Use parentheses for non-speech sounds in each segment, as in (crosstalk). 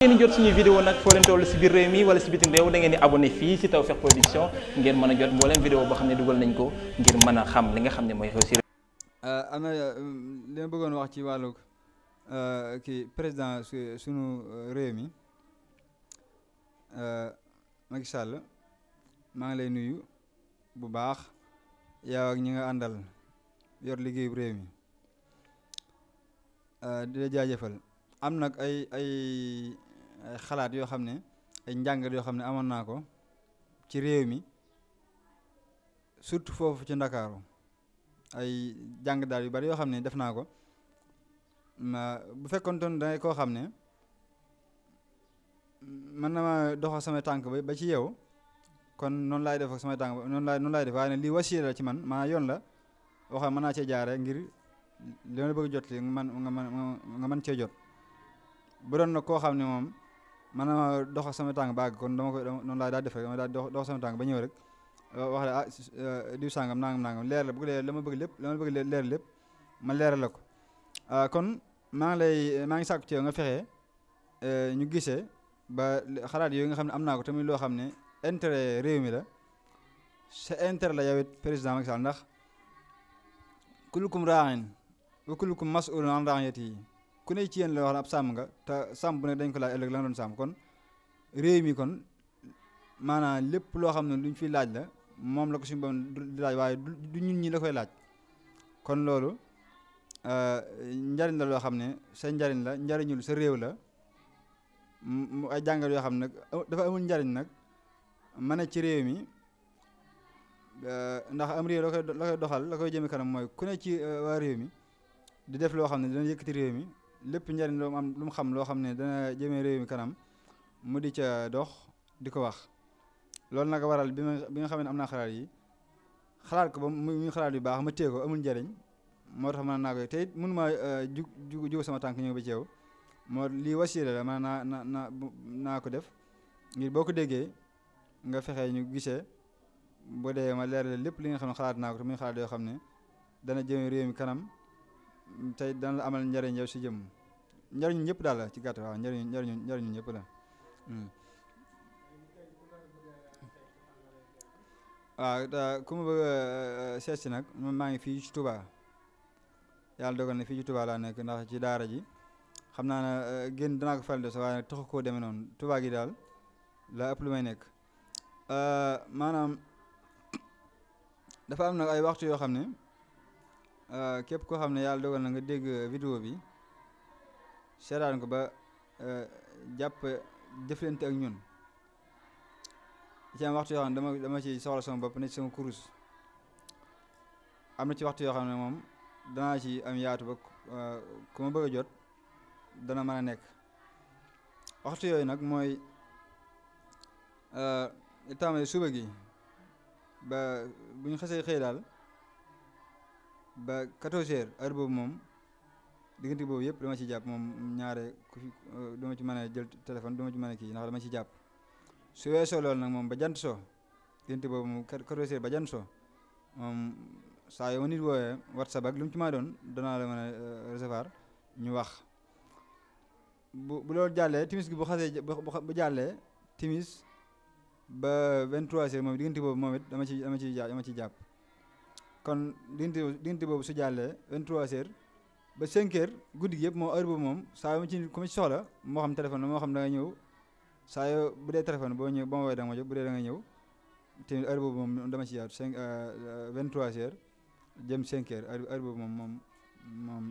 ngeen di suñu vidéo nag foo leen si biir réew mi wala si bitim réew da ngeen di abonné si Tawfekh Production ngeen mën a jot mbooleem vidéo boo xam ne ko ngir a xam li nga xam ne mooy xew si euh, euh, bëggoon wax ci wàllu euh, kii président suñu réew mi Macky Sall maa ngi lay nuyu bu baax yow ak ñi nga àndal yor liggéeyu réew mi di la jaajëfal am nag ay ay ay xalaat yoo xam ne ay njàngat yoo xam ne amoon naa ko ci réew mi surtout foofu ci ndakaaru ay jàng daal yu bari yoo xam ne def naa ko ma bu fekkontoon dangay koo xam ne man na ma doxal samay tànk ba ba ci yow kon noonu laay def ak samay tànk ba noonu laay noonu laay def waaye ne lii wasiila la ci man maa yoon la wax mën naa cee jaare ngir li ma la bëgg jot li nga man nga man nga mën cee jot bu doon na koo xam ne moom man ma dox sama tànk baag kon dama koy noonu laa daal def rek dama daal dox sama tànk ba ñëw rek wax la ah eh, diw sàngam nangam nangam leer la bu ko leer la ma bëgg lépp la ma bëgg ma leeral la ko ah, kon maa ngi lay maa ngi sàkku ci nga fexe eh, ñu gisee ba xalaat yooyu nga xam ne am naa ko tamit loo xam ne intérêt réew mi la sa intérêt la yow président Macky Sall ndax kullukum raain wa kullukum mas'ulun an raiyatihi ku ne ci yéen la wax ab sàmm nga te sàmm bu ne dañ ko laaj la nga doon sàmm kon réew mi kon maanaam lépp loo xam ne luñ fi laaj la moom la ko suñu waaye du ñun ñi la koy laaj kon loolu euh, njariñ la loo xam ne sa njariñ la njariñul sa réew la mu ay jàngal yoo xam ne dafa amul njariñ nag mën a ci réew mi euh, ndax am réew la koy doxal la koy jëme kanam mooy ku ne ci euh, waa réew mi di def loo xam ne dina yëkkati réew mi lépp njariñ lu mu lu mu xam loo xam ne dana jëmee réew mi kanam mu di ca dox di ko wax loolu nag waral bi bi nga xam ne am naa xalaat yi xalaat ko ba mu muy xalaat yu baax ma téye ko amul njariñ moo tax mën naa ko te it mun ma euh, jug jug sama tànk ñëw ba ci moo lii wasiila la man naa na naa ko def ngir boo ko déggee nga fexee ñu gisee boo dee ma leer lépp li nga xam ne xalaat naa ko te muy xalaat yoo xam ne dana jëme réew mi kanam tey dana amal njariñ yow si jëm njariñu ñëpp daal la ci gàtt waaw njariñu njariñu njariñu la hmm. waaw ku ma bëgg a eh, eh, seet nag man maa ngi fii ci Touba yàlla dogal na fii ci Touba laa nekk ndax ci daara ji xam naa ne eh, génn danaa ko faral di waaye nag taxu koo demee noonu tubaa gi daal laa ëpp lu may nekk maanaam (coughs) dafa am nag ay waxtu yoo xam ne Euh, képp koo xam ne yàlla dogal na nga dégg vidéo bi seetaan ko ba euh, jàpp jëflante ak ñun ci am waxtu yoo xam ne dama dama ci soxla sama bopp ne sama kurus am na ci waxtu yoo xam ne moom danaa ci am yaatu ba ku euh, ma bëgg a jot dana mën a nekk waxtu yooyu nag mooy itamale suba gi ba bu ñu xasee xëy daal ba 14 heures heure boobu moom diggante boobu yëpp dama ci jàpp moom ñaare ku euh, ci mën a jël téléphone dama ci mën a kii ndax dama ci jàpp su weesoo loolu nag moom ba jant soo diggante boobu moom ba jant soo moom saa yoo ma nit woowee ci maa doon danaa la mën euh, ñu wax bu bu loolu jàllee timis gi bu xasee bu jàllee ba 23 heures moom diggante boobu moom dama ci dama ci dama ciy jàpp kon diggante diggante boobu su jàllee 23h ba 5 guddi gi yëpp moom heure moom saa yoo ci nit ku ma ci soxla moo xam téléphone la moo xam da nga ñëw saa yoo bu dee téléphone boo ñëw boo ma woowee da bu dee da nga ñëw te heure boobu moom dama ci yaatu 5 23h euh, jëm 5h moom moom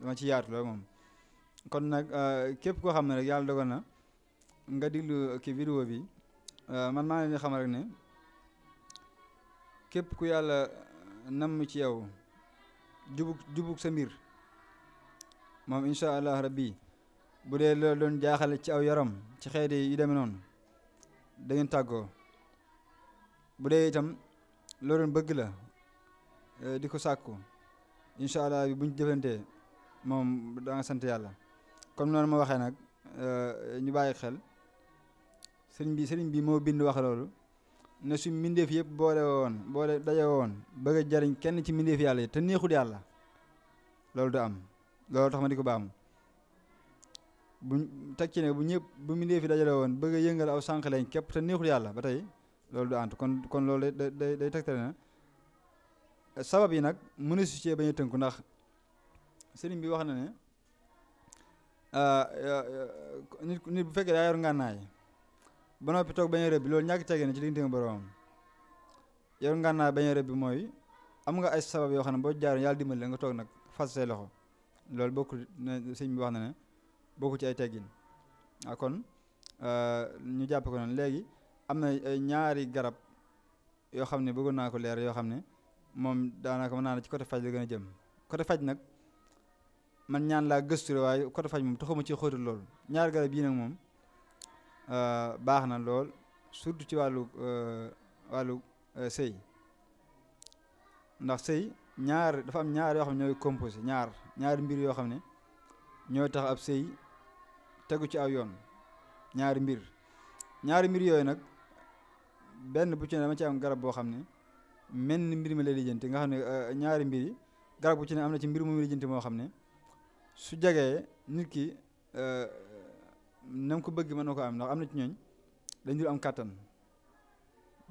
moom ci yaatu loolu moom. kon nag euh, képp koo xam ne rek yàlla dogal na nga diglu ki vidéo bi euh, man maa leen di rek ne képp ku yàlla. namm ci yow jubug jubug sa mbir moom incha allah rabbi bu dee loolu doon jaaxale ci aw yaram ci xeet yu demee noonu da tàggoo bu dee itam loo bëgg la eh, di ko sàkku incha bi buñ jëfantee moom da sant yàlla kon noonu ma waxee nag eh, ñu bàyyi xel sëriñ bi sëriñ bi moo bind wax loolu na su mbindeef yëpp boole woon boole daje woon bëgg jariñ kenn ci mbindeef yàlla yi te neexut yàlla loolu du am loolu tax ma di ko baamu bu teg ci ne bu ñëpp bu mbindeef yi dajale woon bëgg yëngal aw sànq lañ képp te neexut yàlla ba tey loolu du ànt kon kon loolu day day day tegtale na sabab yi nag mënu su cee bañ tënku ndax sëriñ bi wax na ne ah, ah, ah, nit nit bu fekkee daa yor ngànnaay ba noppi toog bañ a rëbbi loolu ñàkk tegee ne ci diggante boroomam yow ngànnaay bañ a rëbbi mooy am nga ay sabab yoo xam ne boo jaaroon yàlla dimbali la nga toog nag fas see loxo loolu bokkul ne sëñ wax na ne bokkul teggin ah kon euh, ñu jàpp ko noonu léegi am na ñaari garab yoo xam ne bëggoon naa ko leer yoo xam ne moom daanaka ma naa ne ci côté faj la gën a jëm côté faj nag man ñaan laa gëstu waaye côté faj moom taxuma ci xóotul loolu ñaari garab yii nag moom Euh, baax na lool surtout ci wàllu euh, wàllu euh, sëy ndax sëy ñaar dafa am ñaar yoo xam ne ñooy composé ñaar ñaari mbir yoo xam ne ñooy tax ab sëy tegu ci aw yoon ñaari mbir ñaari mbir yooyu nag benn bu ci ne dama ci am garab boo xam ne mel ni mbir mi lay lijjanti nga xam ne ñaari mbir yi garab bu ci ne am na ci mbir mu lijjanti moo xam ne su jegee nit ki na ko bëgg mën na ko am ndax am na ci ñooñ dañ dul am kàttan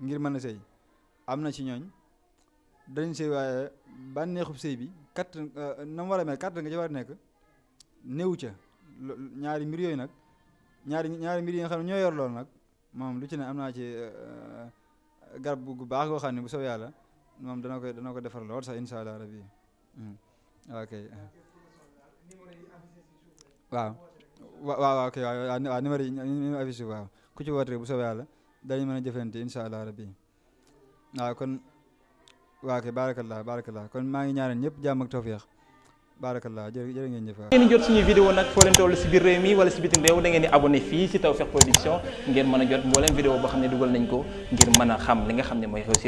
ngir mën a sëy am na ci ñooñ dañ sëy waaye bànneexub sëy bi kàttan euh, na war a mel kàttan nga ci war a nekk néew ca ñaari mbir yooyu nag ñaari ñaari mbir yi nga xam ne ñoo yor loolu nag moom lu ci ne am naa ci euh, garab gu baax goo xam ne bu soobee yàlla moom dana ko dana ko defar lool sax incha allah rabbi hmm. ok waa waaw ok waaw waaw numéro yi ñu affiché waaw ku ci woote bu soobee yàlla dañu mën a jëfante incha allah rabbi waaw kon waaw kay baarakallah baarakallah kon maa ngi ñaanal ñëpp jàmm ak tawfeex baarakallah jërë jërë ngeen jëf ngeen jot suñuy vidéo nag foo leen toll si biir réew mi wala si bitim réew da ngeen di si Tawfekh Production ngeen mën a jot mbooleem vidéo boo xam ne dugal nañ ko ngir mën xam li nga xew si